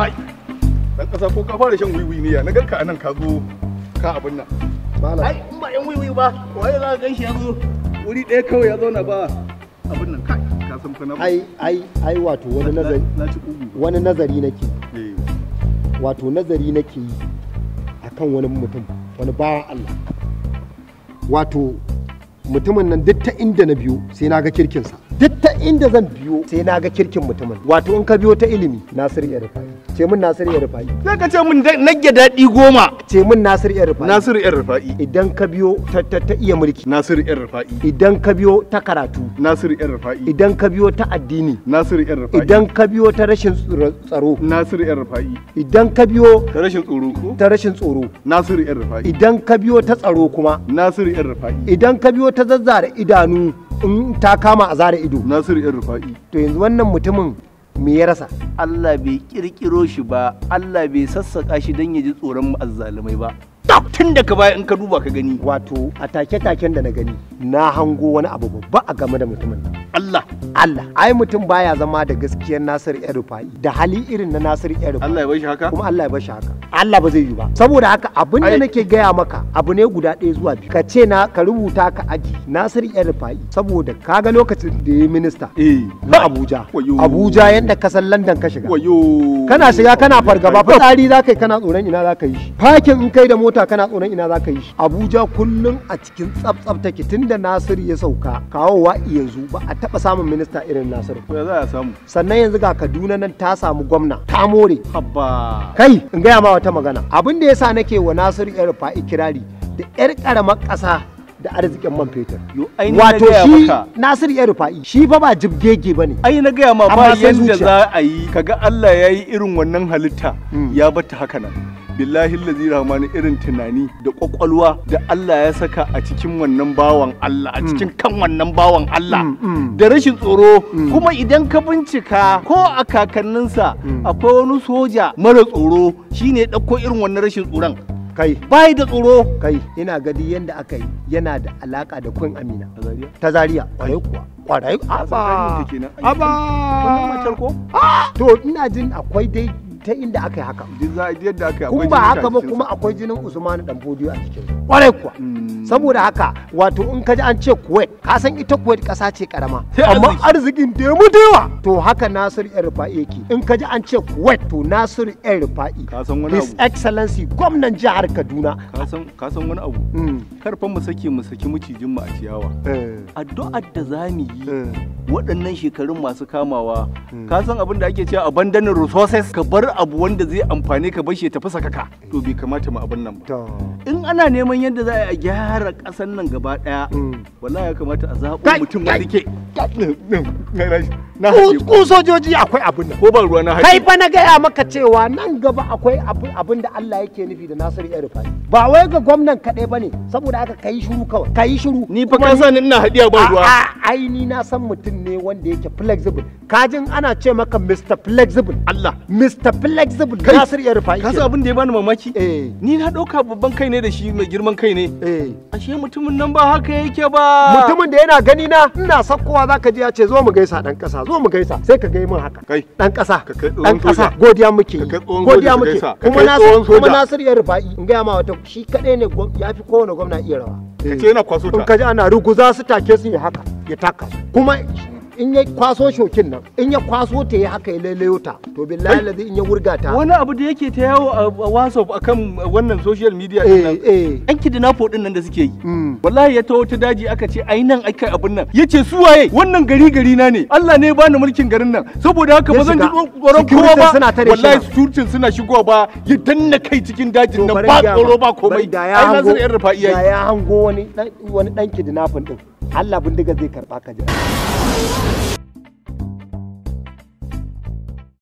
Kai, dan ƙasa ko ka fara shan wiwi ne ya na garka anan ka zo ka abin nan. Ai, in ba yan wiwi ba, waye za ka ganshi shi ya zo wuri ɗaya kawai ya zauna ba abin nan kai. Ai, ai, ai wato wani nazari, wani nazari nake. Eh. Wato nazari nake yi akan wani mutum, wani bawan Allah. Wato mutumin nan duk ta inda na biyu sai na ga kirkinsa. duk ta inda zan biyo sai na ga kirkin mutumin wato in ka biyo ta ilimi nasir ya rufai ce min nasir ya rufai sai ka ce min nagge daɗi goma ce min nasir ya rufai nasir ya rufai idan ka biyo ta ta iya mulki nasir ya rufai idan ka biyo ta karatu nasir ya rufai idan ka biyo ta addini nasir ya rufai idan ka biyo ta rashin tsaro nasir ya rufai idan ka biyo ta rashin tsoro ta rashin tsoro nasir ya rufai idan ka biyo ta tsaro kuma nasir ya rufai idan ka biyo ta zazzara idanu in ta kama a zara ido nasiru yan rufa'i to yanzu wannan mutumin me ya rasa Allah bai kirkiro shi ba Allah bai sassaka shi don ya ji tsoron azzalumai ba tun daga baya in ka duba ka gani wato a take-taken da na gani na hango wani abu babba a game da mutumin Allah Allah ai mutum baya zama da gaskiyar Nasir Erufa'i da hali irin na Nasir Erufa'i Allah ya bar haka kuma Allah ya bar haka Allah ba zai yi ba saboda haka abin da nake gaya maka abu ne guda ɗaya zuwa biyu ka ce na ka rubuta ka aji Nasir yan Rufa'i saboda kaga lokacin da ya minista eh. na Abuja Abuja yanda ka san London ka shiga kana shiga kana fargaba fitsari za ka yi kana tsoron ina za ka yi shi fakin in kai da mota kana tsoron ina za ka yi Abuja kullum a cikin tsaf-tsaf take tunda Nasir ya sauka kawowa yanzu ba a taba samun minista irin Nasir ya za a samu sannan yanzu ga Kaduna nan ta samu gwamna ta more kai in gaya ma wata magana abin da yasa nake wa Nasiru yar rufa ikirari da yar karamar ƙasa da arzikin man fetur wato shi nasir yar rufa'i shi fa ba jibgege bane ai na gaya ma ba yanda za a yi kaga Allah ya yi irin wannan halitta hmm. ya bata haka nan billahi lazi rahmani irin tunani da kwakwalwa da Allah ya saka a cikin wannan bawan Allah a mm. cikin kan wannan bawan Allah mm, mm. da rashin tsoro kuma idan ka bincika ko a kakanninsa akwai wani soja mara tsoro shine ɗauko irin wannan rashin tsoron kai bai da tsoro kai ina gadi yadda aka yi yana da alaka da kun amina ta zaria kwarai kuwa kwarai aba aba ah! to ina jin akwai dai ta inda aka yi haka kuma ba haka ba kuma akwai jinin usmanu dan a cikin mm. kwarai kuwa mm. saboda haka wato in ka ji an ce kuwait ka san ita kuwait kasa ce karama amma arzikin da ya mutuwa to haka nasir yan rufa'i yake in ka ji an ce kuwait to nasir yan rufa'i his excellency gwamnan jihar kaduna ka san wani abu mm. karfan mu sake mu saki mucijin mu a ciyawa eh. addu'ar da za mu yi eh. waɗannan shekarun masu kamawa hmm. ka san abin da ake cewa abandonin resources ka bar abu wanda zai amfani ka bashi ta tafi sakaka to bai kamata mu abin nan ba in ana neman yadda za a gyara ƙasar nan gaba ɗaya hmm. wallahi ya kamata a zaɓo mutum wanda ke ku sojoji akwai abin nan ko ban ruwa na kai fa na gaya maka cewa nan gaba akwai abin da Allah yake nufi da Nasiru ya rufa ba wai ga gwamnan kaɗai bane saboda haka kai shiru kawai kai shiru ni fa ka sani ina hadiya ban ruwa ai ni na san mutum ne wanda yake flexible kajin ana ce maka Mr flexible Allah Mr flexible Nasiru ya rufa ka san abin da ya bani mamaki eh ni na dauka babban kai ne da shi mai girman kai ne eh ashe mutumin nan ba haka yake ba mutumin da yana gani na ina sakkowa za ka ji ya ce zo mu gaisa dan kasa zo mu gaisa sai ka gai mun haka kai dan kasa dan kasa godiya muke godiya muke kuma na kuma nasir ya rufa'i in ga ma wata shi kadai ne yafi kowane gwamna iya rawa kace yana kwaso ta in ka ji ana ruguza su take su yi haka ya taka kuma in ya kwaso shokin nan in ya kwaso ta ya haka ya lailayo ta to billahi lazi in ya wurga ta wani abu da yake ta yawo a whatsapp akan wannan social media din nan eh, eh. an kidnapo din nan da suke yi hmm. wallahi ya taho ta daji aka ce ai nan aka abin nan yace su waye wannan gari gari na ne Allah ne bani mulkin garin nan saboda haka ba zan ji tsoron kowa ba wallahi surtin suna shigo ba ya danna kai cikin dajin nan ba tsoro ba komai ai nasir yan rufa iyayi ya hango wani wani dan kidnapping din Allah bindiga zai karba ka jira